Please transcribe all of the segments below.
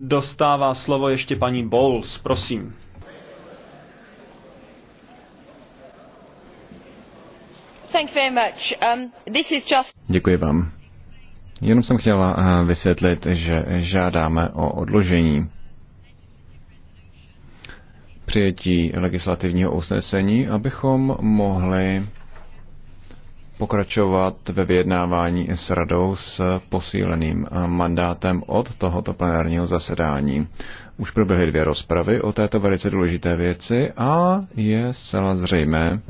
Dostává slovo ještě paní Bowles, prosím. Um, Děkuji vám. Jenom jsem chtěla eh, vysvětlit, že žádáme o odložení přijetí legislativního usnesení, abychom mohli pokračovat ve vyjednávání s radou s posíleným mandátem od tohoto plenárního zasedání. Už proběhly dvě rozpravy o této velice důležité věci a je zcela zřejmé,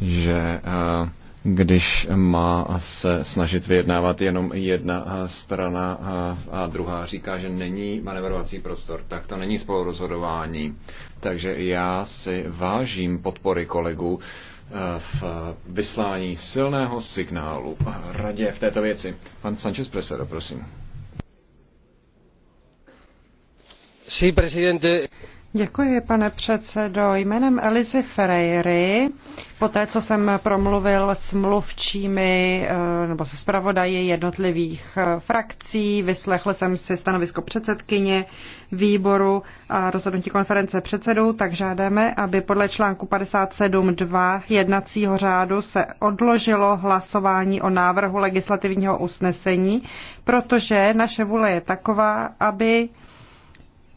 že eh, když má se snažit vyjednávat jenom jedna eh, strana eh, a druhá říká, že není manevrovací prostor, tak to není spolurozhodování. Takže já si vážím podpory kolegů, v vyslání silného signálu radě v této věci. Pan Sanchez Presero, prosím. Sí, presidente. Děkuji, pane předsedo. Jménem Elizy Ferreiry Poté, co jsem promluvil s mluvčími eh, nebo se zpravodaji jednotlivých eh, frakcí, vyslechl jsem si stanovisko předsedkyně výboru a rozhodnutí konference předsedů, tak žádáme, aby podle článku 57.2 jednacího řádu se odložilo hlasování o návrhu legislativního usnesení, protože naše vůle je taková, aby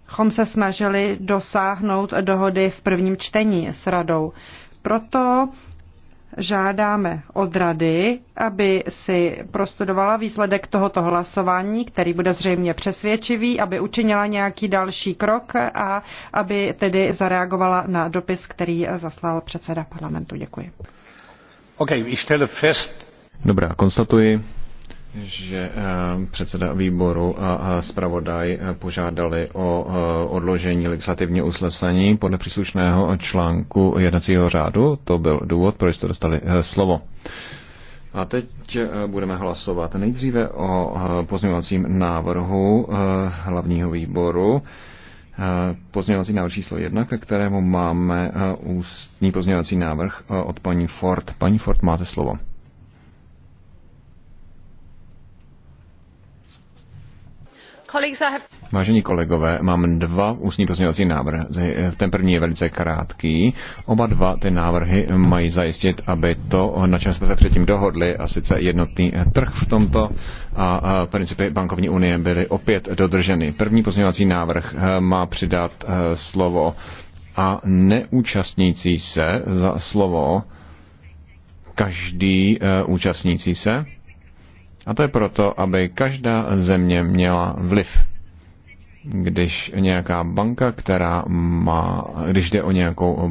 chom se snažili dosáhnout dohody v prvním čtení s radou. Proto žádáme od rady, aby si prostudovala výsledek tohoto hlasování, který bude zřejmě přesvědčivý, aby učinila nějaký další krok a aby tedy zareagovala na dopis, který zaslal předseda parlamentu. Děkuji. Okay, ich stelle fest. Dobrá, konstatuji, že eh, předseda výboru a zpravodaj eh, požádali o eh, odložení legislativního usnesení podle příslušného článku jednacího řádu. To byl důvod, proč jste dostali slovo. A teď budeme hlasovat nejdříve o pozměňovacím návrhu hlavního výboru. Pozměňovací návrh číslo jedna, ke kterému máme ústní pozměňovací návrh od paní Ford. Paní Ford, máte slovo. Vážení kolegové, mám dva ústní pozměňovací návrhy. Ten první je velice krátký. Oba dva ty návrhy mají zajistit, aby to, na čem jsme se předtím dohodli, a sice jednotný trh v tomto a principy bankovní unie byly opět dodrženy. První pozměňovací návrh eh, má přidat eh, slovo a neúčastnící se za slovo každý eh, účastnící se a to je proto, aby každá země měla vliv. Když nějaká banka, která má, když jde o nějakou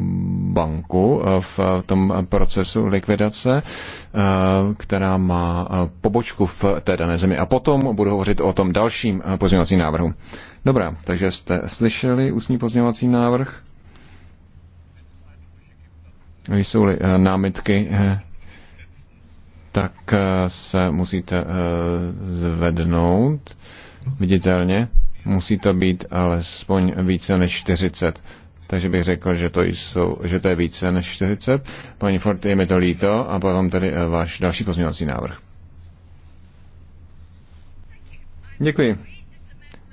banku eh, v tom procesu likvidace, eh, která má eh, pobočku v té dané zemi. A potom budu hovořit o tom dalším pozměňovacím návrhu. Dobrá, takže jste slyšeli ústní pozměňovací návrh? Jsou-li námitky, tak eh, se musíte eh, zvednout viditelně. Musí to být alespoň více než 40. Takže bych řekl, že to, jsou, že to je více než 40. Paní Ford, je mi to líto a potom tady eh, váš další pozměňovací návrh. Děkuji.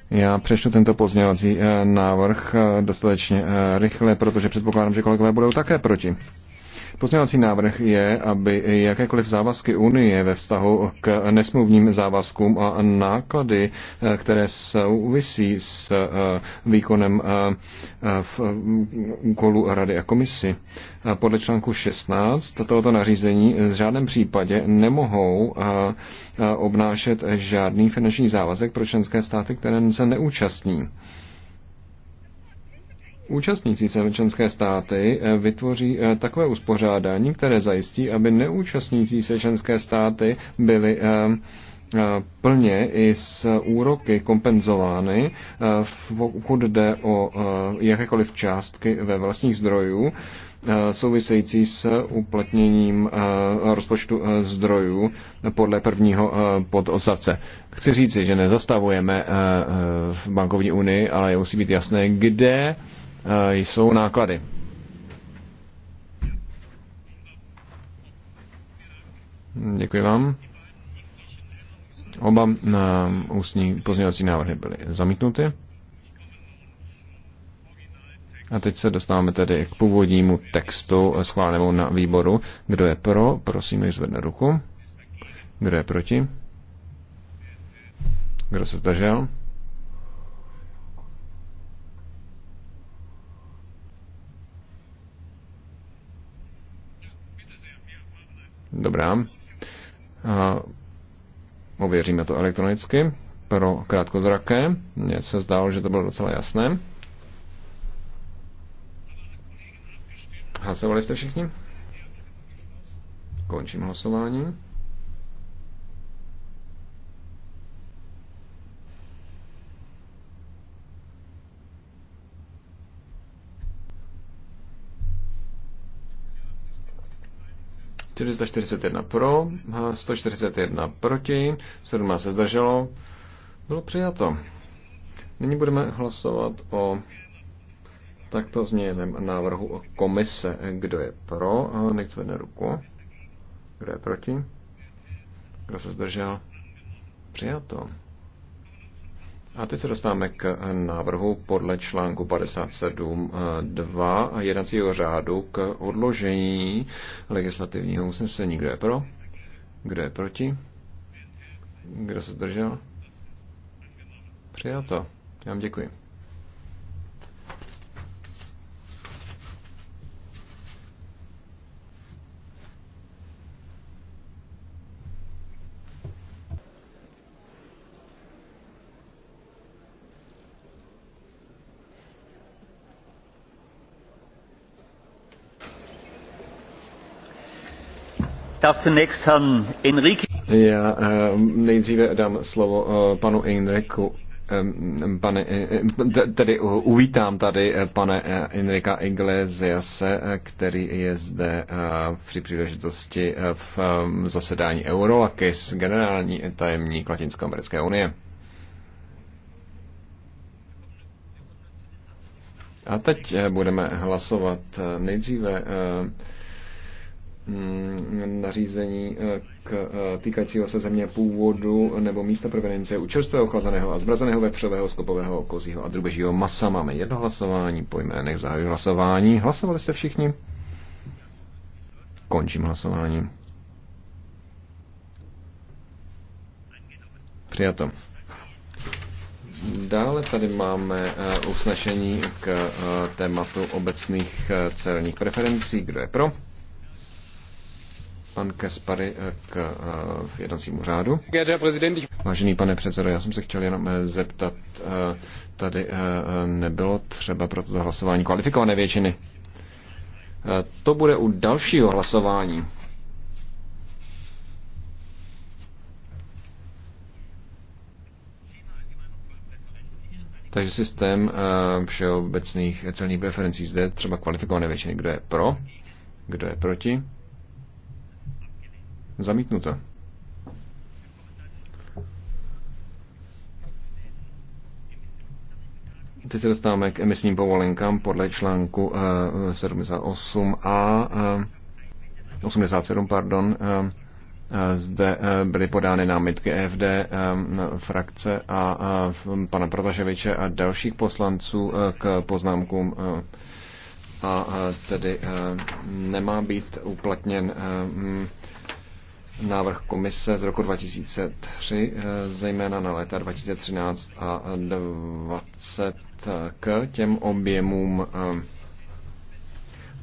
Já přečtu tento pozměňovací návrh dostatečně rychle, protože předpokládám, že kolegové budou také proti. Pozměňovací návrh je, aby jakékoliv závazky Unie ve vztahu k nesmluvním závazkům a náklady, eh, které souvisí s eh, výkonem eh, v úkolu Rady a komisy, podle článku 16 tohoto nařízení v žádném případě nemohou obnášet žádný finanční závazek pro členské státy, které se neúčastní. Účastnící se členské státy eh, vytvoří eh, takové uspořádání, které zajistí, aby neúčastnící se členské státy byly eh, plně i s úroky kompenzovány, pokud jde o jakékoliv částky ve vlastních zdrojů související s uplatněním rozpočtu zdrojů podle prvního podosavce. Chci říci, že nezastavujeme bankovní unii, ale musí být jasné, kde Eh, jsou náklady. Děkuji vám. Oba eh, ústní pozměňovací návrhy byly zamítnuty. A teď se dostáváme tedy k původnímu textu schválenému na výboru. Kdo je pro, prosím, již zvedne ruku. Kdo je proti? Kdo se zdržel? Dobrá. A ověříme to elektronicky pro krátkozraké. Mně se zdálo, že to bylo docela jasné. Hlasovali jste všichni? Končím hlasování. 441 pro, 141 proti, 17 se zdrželo. Bylo přijato. Nyní budeme hlasovat o takto změněném návrhu komise. Kdo je pro, nechť zvedne ruku. Kdo je proti? Kdo se zdržel? Přijato. A teď se dostáváme k návrhu podle článku 57.2 jednacího řádu k odložení legislativního usnesení. Kdo je pro? Kdo je proti? Kdo se zdržel? Přijato. Já vám děkuji. Já eh, nejdříve dám slovo eh, panu Enriku. Pane, eh, tedy uvítám tady pane Enrika Iglesiase, který je zde při příležitosti v zasedání Eurolakis, generální tajemník Latinsko-Americké unie. A teď budeme hlasovat nejdříve Mm, nařízení eh, k eh, týkajícího se země původu nebo místa provenience u čerstvého chlazeného a zmrazeného vepřového, skopového, kozího a drubežího masa. Máme jedno hlasování, po jménech zahajuji hlasování. Hlasovali jste všichni? Končím hlasování. Přijato. Dále tady máme eh, usnesení k tématu obecných celních preferencí. Kdo je pro? pan Kaspary eh, k eh, jednacímu řádu. Vážený pane předsedo, já jsem se chtěl jenom eh, zeptat, tady nebylo třeba pro toto hlasování kvalifikované většiny. To bude u dalšího hlasování. Takže systém všeobecných celních preferencí zde třeba kvalifikované většiny. Kdo je pro? Kdo je proti? zamítnuta. Teď se dostáváme k emisním povolenkám podle článku 78 eh, a 87, eh, pardon, eh, zde byly podány námitky Fd frakce a pana Protaševiče a dalších poslanců k poznámkům a tedy nemá být uplatněn návrh komise z roku 2003, eh, zejména na léta 2013 a 20 k těm objemům eh,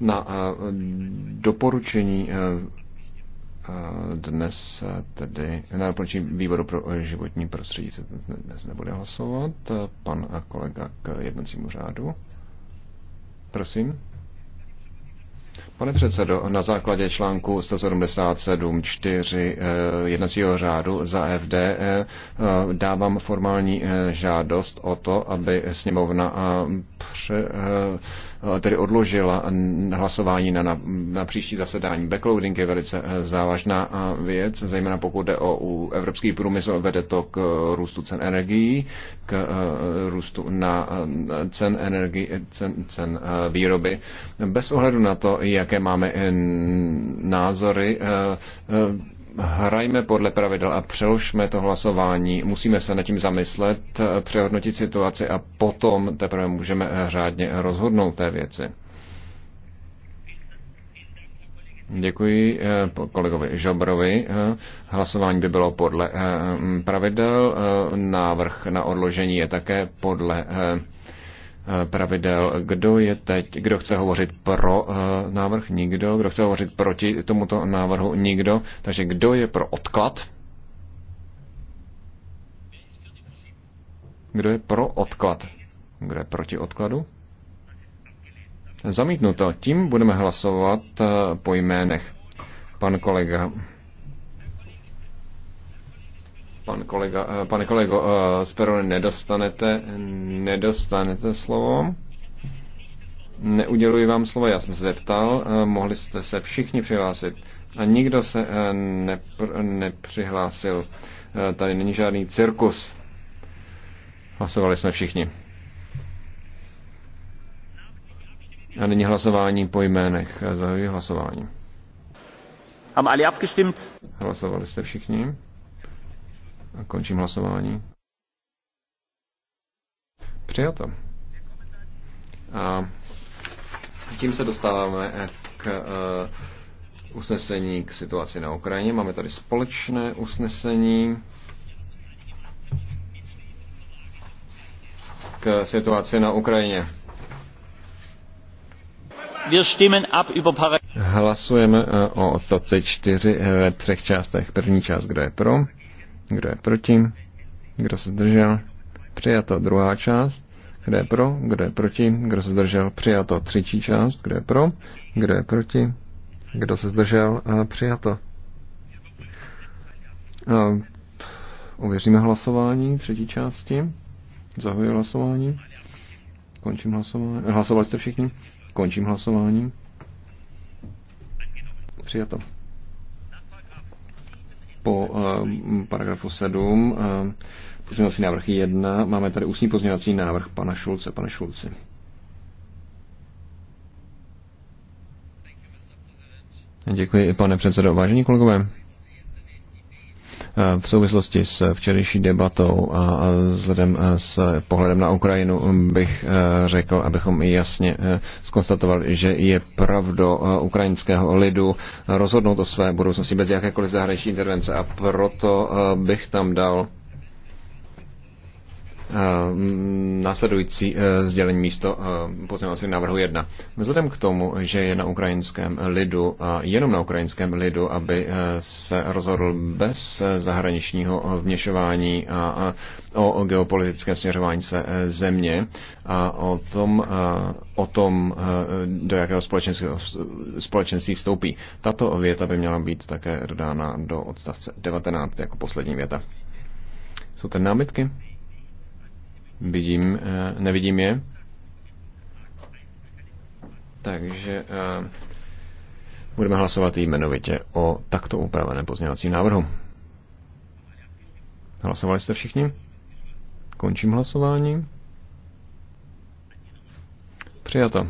na eh, doporučení dnes tedy na doporučení výboru pro životní prostředí se dnes nebude hlasovat. Pan kolega k jednacímu řádu. Prosím. Pane předsedo, na základě článku 177.4 eh, jednacího řádu za FD eh, eh, dávám formální žádost o to, aby sněmovna pře, eh, tedy odložila hlasování na, na, na příští zasedání. Backloading je velice eh, závažná eh, věc, zejména pokud jde o u evropský průmysl, vede to k růstu cen energií, k růstu na cen, energii, cen, cen výroby. Bez ohledu na to, jaké máme názory, hrajme podle pravidel a přeložme to hlasování. Musíme se nad tím zamyslet, přehodnotit situaci a potom teprve můžeme řádně rozhodnout té věci. Děkuji eh, kolegovi Žobrovi. Eh, hlasování by bylo podle eh, pravidel. Návrh na odložení je také podle pravidel. Kdo je teď, kdo chce hovořit pro eh, návrh? Nikdo. Kdo chce hovořit proti tomuto návrhu? Nikdo. Takže kdo je pro odklad? Kdo je pro odklad? Kdo je proti odkladu? Zamítnuto. Tím budeme hlasovat eh, po jménech. Pan kolega Pan kolega, eh, pane kolego, z eh, Perony nedostanete, nedostanete slovo. Neuděluji vám slovo, já jsem se zeptal, eh, mohli jste se všichni přihlásit a nikdo se nepr- nepřihlásil. Tady není žádný cirkus. Hlasovali jsme všichni. A nyní hlasování po jménech. Zahajuji hlasování. Hlasovali jste všichni. Končím hlasování. Přijato. A tím se dostáváme k eh, usnesení k situaci na Ukrajině. Máme tady společné usnesení k situaci na Ukrajině. Hlasujeme eh, o odstavci 4 eh, ve třech částech. První část, kdo je pro? Kdo je proti? Kdo se zdržel? Přijato druhá část. Kdo je pro? Kdo je proti? Kdo se zdržel? Přijato třetí část. Kdo je pro? Kdo je proti? Kdo se zdržel? a Přijato. Uvěříme hlasování třetí části. zahuji hlasování. Končím hlasování. Hlasovali jste všichni? Končím hlasování. Přijato po eh, paragrafu 7, eh, pozměňovací návrh 1, máme tady ústní pozměňovací návrh pana Šulce. Pane Šulci. Děkuji, pane předsedo. Vážení kolegové, v souvislosti s včerejší debatou a vzhledem s pohledem na Ukrajinu bych e, řekl, abychom jasně skonstatovali, e, že je pravdo e, ukrajinského lidu rozhodnout o své budoucnosti bez jakékoliv zahraniční intervence a proto bych tam dal Eh, následující eh, sdělení místo eh, pozměňovací návrhu 1. Vzhledem k tomu, že je na ukrajinském lidu a jenom na ukrajinském lidu, aby se rozhodl bez zahraničního vněšování a o geopolitickém směřování své země a o tom, o tom do jakého společenství vstoupí. Tato věta by měla být také dodána do odstavce 19 jako poslední věta. Jsou to námitky? Vidím, eh, nevidím je. Takže eh, budeme hlasovat jmenovitě o takto upraveném pozměňovacím návrhu. Hlasovali jste všichni? Končím hlasování. Přijato.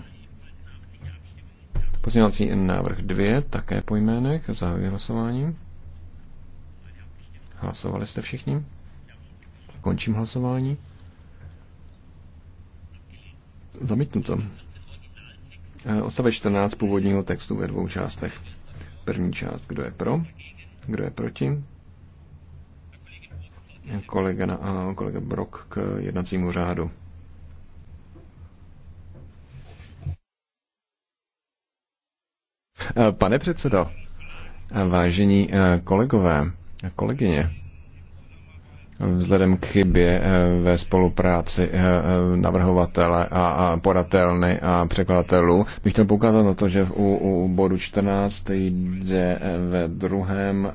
Pozměňovací návrh 2, také po jménech, zahajuji hlasování. Hlasovali jste všichni? Končím hlasování. Zamítnuto. E, odstavec 14 původního textu ve dvou částech. První část, kdo je pro, kdo je proti. Kolega, na, kolega Brok k jednacímu řádu. E, pane předsedo, e, vážení kolegové a kolegyně, vzhledem k chybě eh, ve spolupráci eh, eh, navrhovatele a poratelny a překladatelů. Bych chtěl poukázat na to, že u, u bodu 14 jde ve, druhém,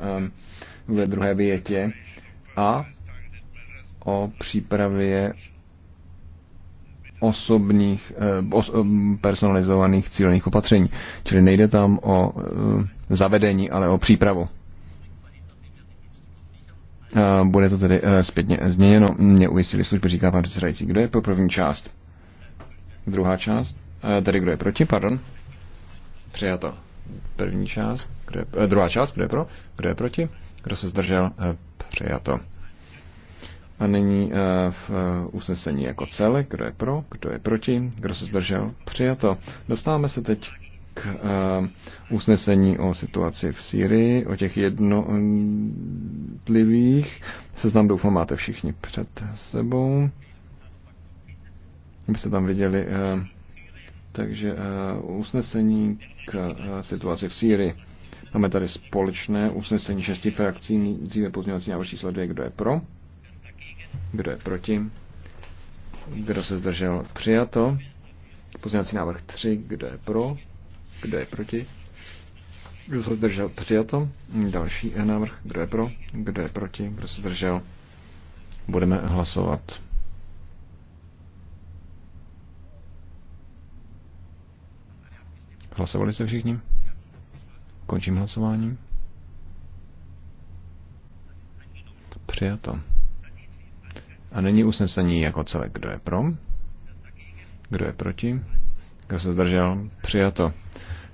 ve druhé větě a o přípravě osobních, os, personalizovaných cílených opatření. Čili nejde tam o zavedení, ale o přípravu. Eh, bude to tedy eh, zpětně změněno. Mě ujistili služby, říká pan předsedající. Kdo je pro první část? Druhá část? Eh, tedy kdo je proti, pardon? Přijato. První část, kdo je, druhá část, kdo je pro, kdo je proti, kdo se zdržel, přijato. A nyní v usnesení jako celek, kdo je pro, kdo je proti, kdo se zdržel, přijato. Dostáváme se teď k eh, usnesení o situaci v Sýrii, o těch jednotlivých. Seznam doufám máte všichni před sebou. Abyste tam viděli. Eh, takže eh, usnesení k situaci v Sýrii. Máme tady společné usnesení šesti frakcí, dříve pozměňovací návrh číslo dvě, kdo je pro, kdo je proti, kdo se zdržel, přijato. Pozměňovací návrh tři, kdo je pro, kdo je proti? Kdo se zdržel? Přijato. Další návrh. Kdo je pro? Kdo je proti? Kdo se zdržel? Budeme hlasovat. Hlasovali jste všichni? Končím hlasování. Přijato. A není usnesení jako celé, Kdo je pro? Kdo je proti? Kdo se zdržel? Přijato.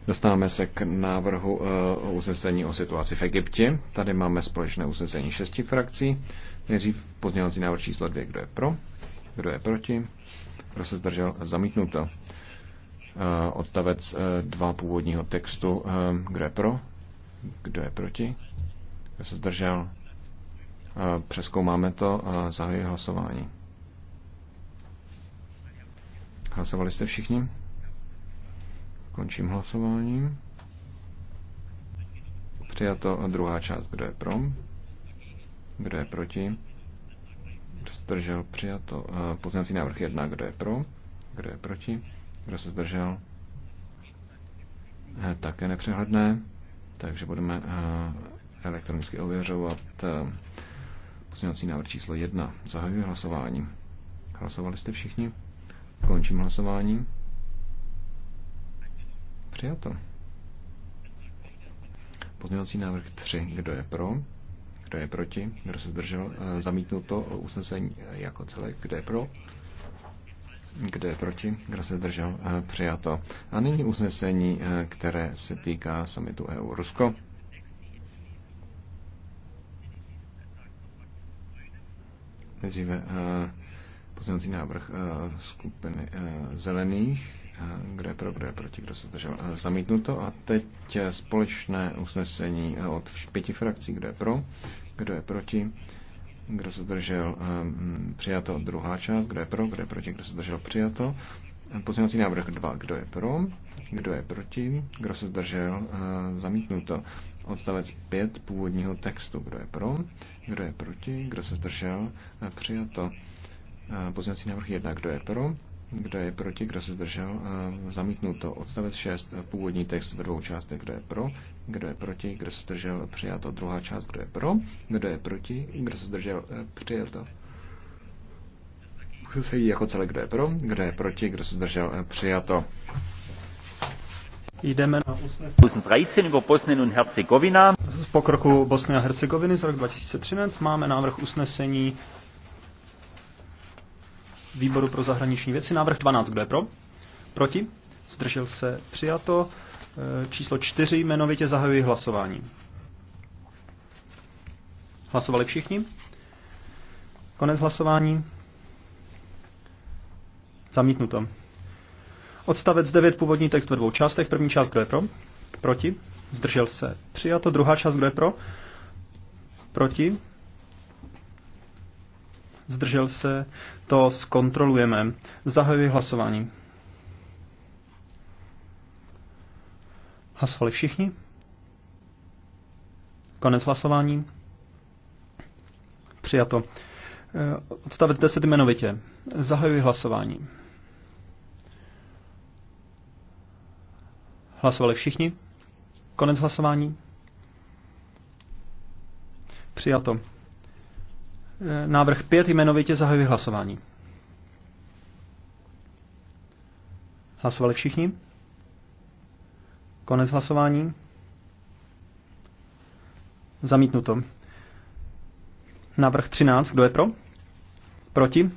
Dostáváme se k návrhu eh, usnesení o situaci v Egyptě. Tady máme společné usnesení šesti frakcí. Nejdřív pozměňovací návrh číslo dvě. Kdo je pro? Kdo je proti? Kdo se zdržel? Zamítnuto. Eh, odstavec eh, dva původního textu. Kdo je pro? Kdo je proti? Kdo se zdržel? Přeskoumáme to a zahajuji hlasování. Hlasovali jste všichni? Končím hlasování. Přijato druhá část. Kdo je pro? Kdo je proti? Zdržel přijato. Poznací návrh 1. Kdo je pro? Kdo je proti? Kdo se zdržel? Eh, Také nepřehledné. Takže budeme eh, elektronicky ověřovat eh, pozměňovací návrh číslo 1. Zahajuji hlasování. Hlasovali jste všichni? Končím hlasování. Přijato. Pozměňovací návrh 3. Kdo je pro? Kdo je proti? Kdo se zdržel? E, to usnesení jako celé. Kdo je pro? Kdo je proti? Kdo se zdržel? E, přijato. A nyní usnesení, e, které se týká samitu EU-Rusko. Nejdříve pozměňovací návrh skupiny zelených. Kdo je pro, kdo je proti, kdo se zdržel? E, zamítnuto. A teď společné usnesení e, od pěti frakcí. Kdo je pro, kdo je proti, kdo se zdržel? E, přijato. Druhá část. Kdo je pro, kdo je proti, kdo se zdržel? Přijato. Pozměňovací návrh 2. Kdo je pro? Kdo je proti? Kdo se zdržel? Zamítnuto. Odstavec 5 původního textu. Kdo je pro? Kdo je proti? Kdo se zdržel? Přijato. Pozměňovací návrh 1. Kdo je pro? Kdo je proti, kdo se zdržel? Eh, to Odstavec 6, eh, původní text ve dvou částech. Kdo je pro? Kdo je proti, kdo se zdržel? Přijato. Druhá část, kdo je pro? Kdo je proti, kdo se zdržel? Eh, přijato. Usnesení jako celé, kdo je pro? Kdo je proti, kdo se zdržel? Přijato. Jdeme na usnesení. Z pokroku Bosny a Hercegoviny z roku 2013 máme návrh usnesení výboru pro zahraniční věci. Návrh 12, kdo je pro? Proti? Zdržel se přijato. E, číslo 4, jmenovitě zahajuji hlasování. Hlasovali všichni? Konec hlasování. Zamítnuto. Odstavec 9, původní text ve dvou částech. První část, kdo je pro? Proti? Zdržel se. Přijato. Druhá část, kdo je pro? Proti? zdržel se, to zkontrolujeme. Zahajuji hlasování. Hlasovali všichni? Konec hlasování. Přijato. Eh, Odstavit 10 jmenovitě. Zahajuji hlasování. Hlasovali všichni? Konec hlasování? Přijato. Eh, návrh 5 jmenovitě zahajuji hlasování. Hlasovali všichni? Konec hlasování. Zamítnuto. Návrh 13. Kdo je pro? Proti?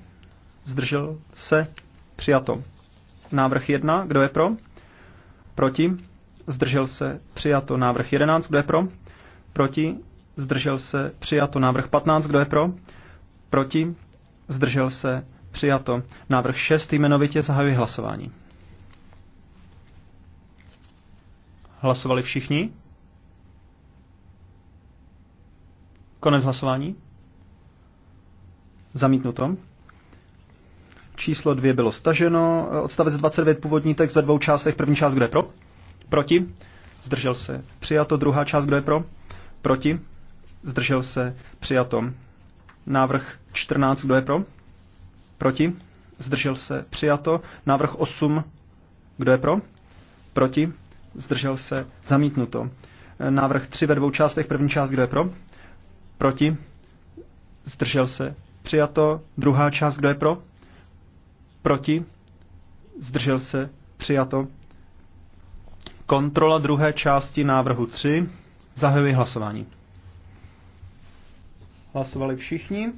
Zdržel se? Přijato. Návrh 1. Kdo je pro? Proti? Zdržel se? Přijato. Návrh 11. Kdo je pro? Proti? Zdržel se. Přijato. Návrh 15. Kdo je pro? Proti? Zdržel se. Přijato. Návrh 6. Jmenovitě zahajuji hlasování. Hlasovali všichni? Konec hlasování. Zamítnuto. Číslo 2 bylo staženo. Odstavec 29, původní text ve dvou částech. První část, kdo je pro? Proti. Zdržel se. Přijato. Druhá část, kdo je pro? Proti zdržel se, přijato. Návrh 14, kdo je pro? Proti? Zdržel se, přijato. Návrh 8, kdo je pro? Proti? Zdržel se, zamítnuto. Návrh 3 ve dvou částech, první část, kdo je pro? Proti? Zdržel se, přijato. Druhá část, kdo je pro? Proti? Zdržel se, přijato. Kontrola druhé části návrhu 3. Zahajuji hlasování. Hlasovali všichni.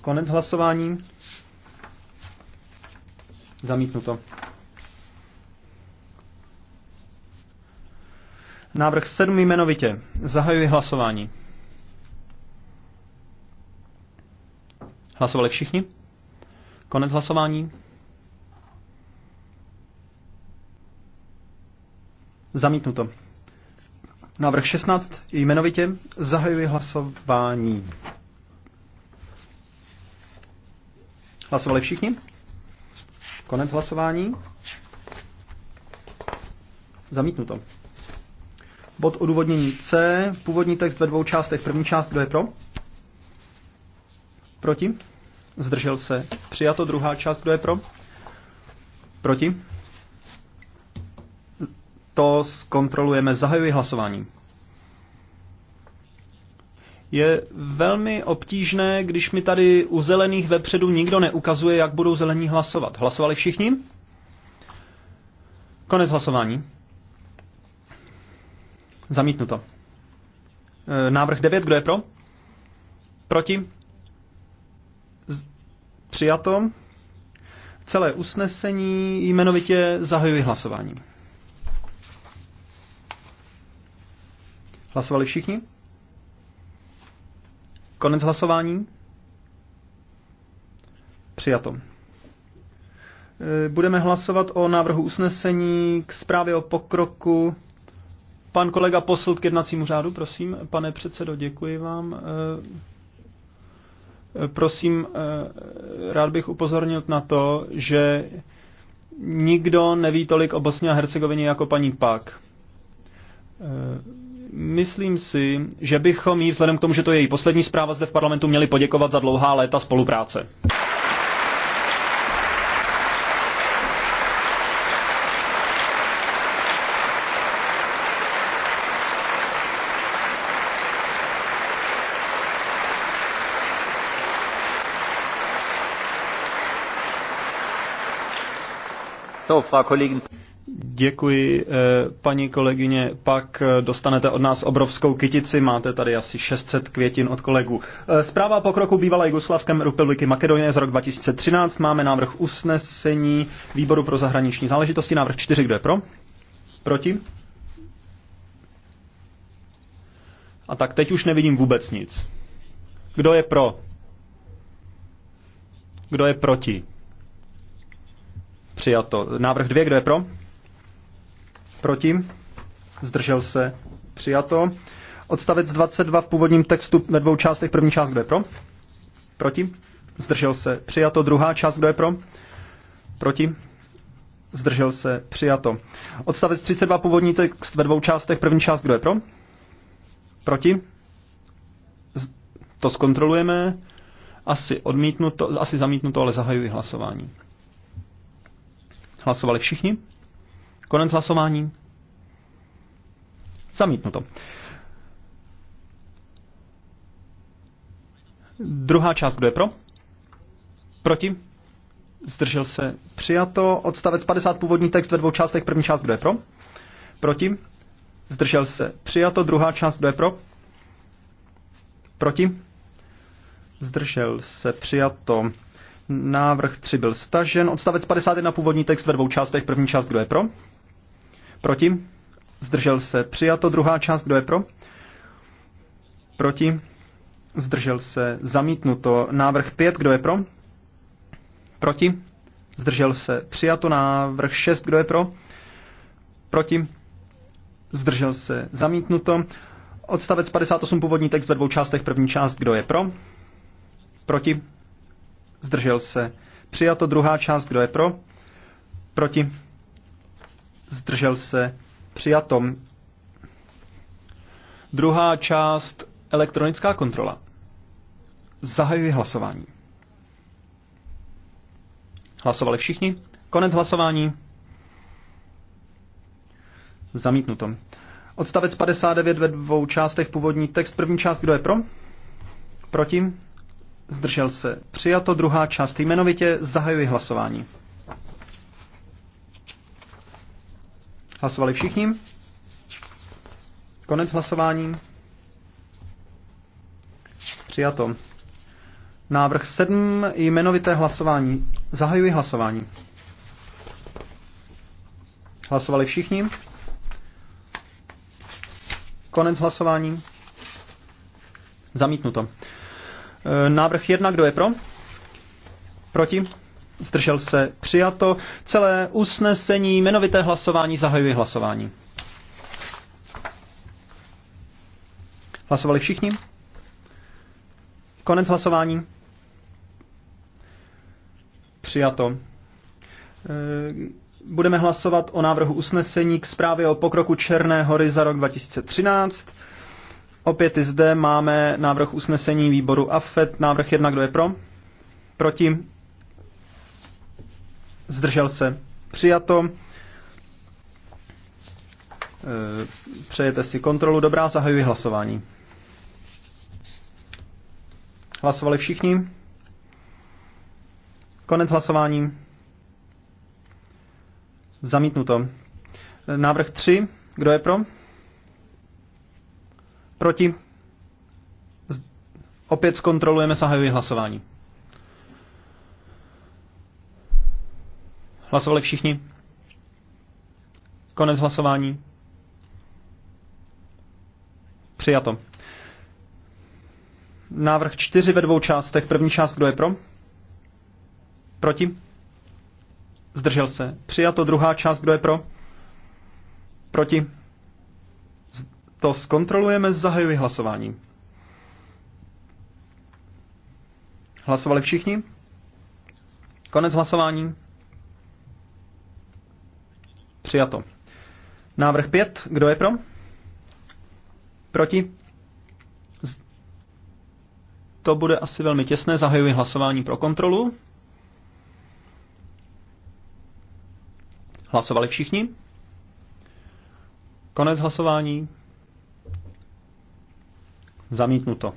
Konec hlasování. Zamítnuto. Návrh 7 jmenovitě. Zahajuji hlasování. Hlasovali všichni? Konec hlasování. Zamítnuto. Návrh 16 jmenovitě zahajuji hlasování. Hlasovali všichni? Konec hlasování. Zamítnuto. Bod odůvodnění C. Původní text ve dvou částech. První část, kdo je pro? Proti? Zdržel se. Přijato. Druhá část, kdo je pro? Proti? to zkontrolujeme. Zahajuji hlasování. Je velmi obtížné, když mi tady u zelených vepředu nikdo neukazuje, jak budou zelení hlasovat. Hlasovali všichni? Konec hlasování. Zamítnu to. E, návrh 9, kdo je pro? Proti? Přijato. Celé usnesení jmenovitě zahajuji hlasování. Hlasovali všichni? Konec hlasování? Přijato. E, budeme hlasovat o návrhu usnesení k zprávě o pokroku. Pan kolega posl k jednacímu řádu, prosím. Pane předsedo, děkuji vám. E, e, prosím, rád bych upozornil na to, že nikdo neví tolik o Bosně a Hercegovině jako paní Pak Myslím si, že bychom jí vzhledem k tomu, že to je její poslední zpráva zde v parlamentu, měli poděkovat za dlouhá léta spolupráce. So, Frau Kollegin. Děkuji, eh, paní kolegyně. Pak eh, dostanete od nás obrovskou kytici. Máte tady asi 600 květin od kolegů. Eh, zpráva po kroku bývalé Jugoslavské republiky Makedonie z rok 2013. Máme návrh usnesení výboru pro zahraniční záležitosti. Návrh 4. Kdo je pro? Proti? A tak teď už nevidím vůbec nic. Kdo je pro? Kdo je proti? Přijato. Návrh 2. Kdo je pro? Proti? Zdržel se? Přijato. Odstavec 22 v původním textu ve dvou částech. První část, kdo je pro? Proti? Zdržel se? Přijato. Druhá část, kdo je pro? Proti? Zdržel se? Přijato. Odstavec 32 původní text ve dvou částech. První část, kdo je pro? Proti? To zkontrolujeme. Asi odmítnuto, asi zamítnuto, ale zahajuji hlasování. Hlasovali všichni? Konec hlasování. Zamítnuto. Druhá část, kdo je pro? Proti? Zdržel se. Přijato. Odstavec 50, původní text ve dvou částech. První část, kdo je pro? Proti? Zdržel se. Přijato. Druhá část, kdo je pro? Proti? Zdržel se. Přijato. Návrh 3 byl stažen. Odstavec 51, původní text ve dvou částech. První část, kdo je pro? Proti? Zdržel se. Přijato. Druhá část. Kdo je pro? Proti? Zdržel se. Zamítnuto. Návrh 5. Kdo je pro? Proti? Zdržel se. Přijato. Návrh 6. Kdo je pro? Proti? Zdržel se. Zamítnuto. Odstavec 58. Původní text ve dvou částech. První část. Kdo je pro? Proti? Zdržel se. Přijato. Druhá část. Kdo je pro? Proti? zdržel se, přijatom. Druhá část, elektronická kontrola. Zahajuji hlasování. Hlasovali všichni? Konec hlasování. Zamítnuto. Odstavec 59 ve dvou částech původní text. První část, kdo je pro? Proti? Zdržel se. Přijato. Druhá část jmenovitě. Zahajuji hlasování. Hlasovali všichni? Konec hlasování. Přijato. Návrh 7. Jmenovité hlasování. Zahajuji hlasování. Hlasovali všichni? Konec hlasování. Zamítnuto. E, návrh 1. Kdo je pro? Proti? zdržel se, přijato. Celé usnesení, jmenovité hlasování, zahajuji hlasování. Hlasovali všichni? Konec hlasování. Přijato. E, budeme hlasovat o návrhu usnesení k zprávě o pokroku Černé hory za rok 2013. Opět i zde máme návrh usnesení výboru AFET. Návrh 1, kdo je pro? Proti? zdržel se, přijato. E, přejete si kontrolu, dobrá, zahajuji hlasování. Hlasovali všichni? Konec hlasování. Zamítnuto. E, návrh 3. Kdo je pro? Proti? Opět zkontrolujeme, zahajuji hlasování. Hlasovali všichni? Konec hlasování. Přijato. Návrh čtyři ve dvou částech. První část, kdo je pro? Proti? Zdržel se. Přijato. Druhá část, kdo je pro? Proti? To zkontrolujeme, zahajuji hlasování. Hlasovali všichni? Konec hlasování. Přijato. Návrh 5. Kdo je pro? Proti? To bude asi velmi těsné. Zahajuji hlasování pro kontrolu. Hlasovali všichni? Konec hlasování. Zamítnuto.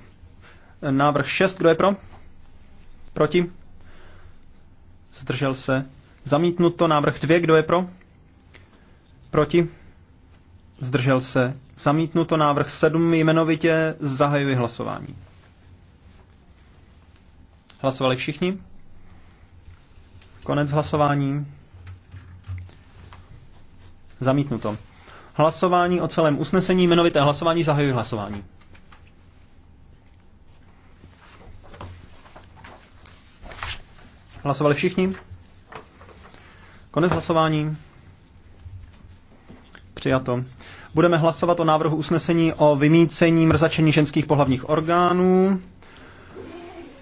Návrh 6. Kdo je pro? Proti? Zdržel se. Zamítnuto. Návrh 2. Kdo je pro? Proti? Zdržel se. Zamítnuto návrh 7 jmenovitě zahajuji hlasování. Hlasovali všichni? Konec hlasování. Zamítnuto. Hlasování o celém usnesení, jmenovité hlasování, zahajuji hlasování. Hlasovali všichni? Konec hlasování. Přijato. Budeme hlasovat o návrhu usnesení o vymícení mrzačení ženských pohlavních orgánů.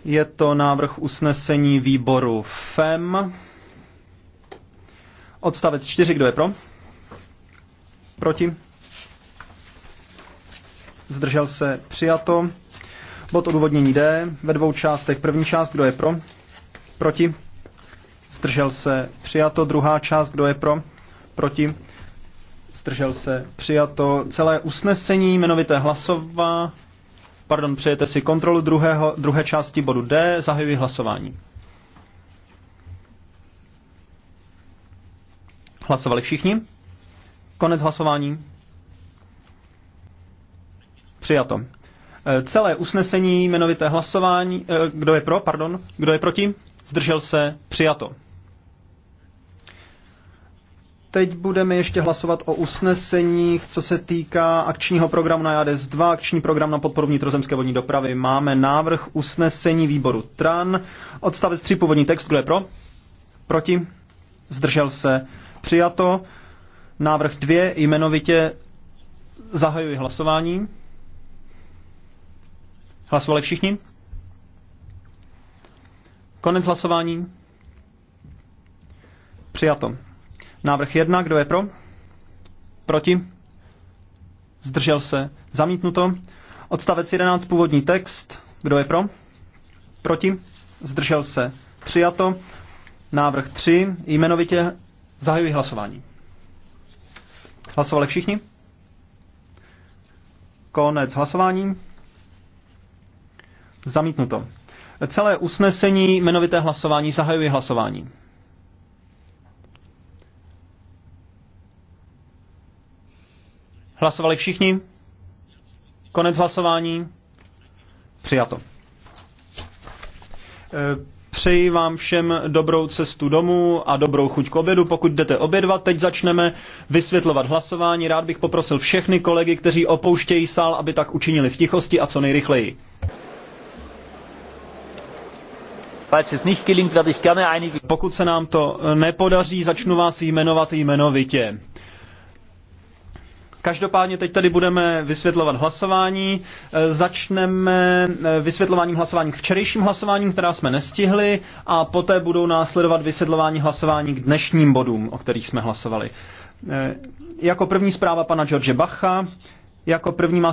Je to návrh usnesení výboru FEM. Odstavec 4, kdo je pro? Proti? Zdržel se přijato. Bod odůvodnění D ve dvou částech. První část, kdo je pro? Proti? Zdržel se přijato. Druhá část, kdo je pro? Proti? zdržel se, přijato. Celé usnesení, jmenovité hlasová, pardon, přejete si kontrolu druhého, druhé části bodu D, zahajuji hlasování. Hlasovali všichni? Konec hlasování. Přijato. E, celé usnesení, jmenovité hlasování, e, kdo je pro, pardon, kdo je proti, zdržel se, přijato. Teď budeme ještě hlasovat o usneseních, co se týká akčního programu na JADES 2, akční program na podporu vnitrozemské vodní dopravy. Máme návrh usnesení výboru TRAN, odstavec 3 původní text, kdo je pro? Proti? Zdržel se? Přijato. Návrh 2, jmenovitě zahajuji hlasování. Hlasovali všichni? Konec hlasování. Přijato. Návrh 1, kdo je pro? Proti? Zdržel se. Zamítnuto. Odstavec 11, původní text. Kdo je pro? Proti? Zdržel se. Přijato. Návrh 3, jmenovitě zahajuji hlasování. Hlasovali všichni? Konec hlasování. Zamítnuto. Celé usnesení jmenovité hlasování zahajuji hlasování. Hlasovali všichni? Konec hlasování? Přijato. E, přeji vám všem dobrou cestu domů a dobrou chuť k obědu. Pokud jdete obědvat, teď začneme vysvětlovat hlasování. Rád bych poprosil všechny kolegy, kteří opouštějí sál, aby tak učinili v tichosti a co nejrychleji. Pokud se nám to nepodaří, začnu vás jmenovat jmenovitě. Každopádně teď tady budeme vysvětlovat hlasování. E, začneme e, vysvětlováním hlasování k včerejším hlasováním, která jsme nestihli, a poté budou následovat vysvětlování hlasování k dnešním bodům, o kterých jsme hlasovali. E, jako první zpráva pana George Bacha, jako první má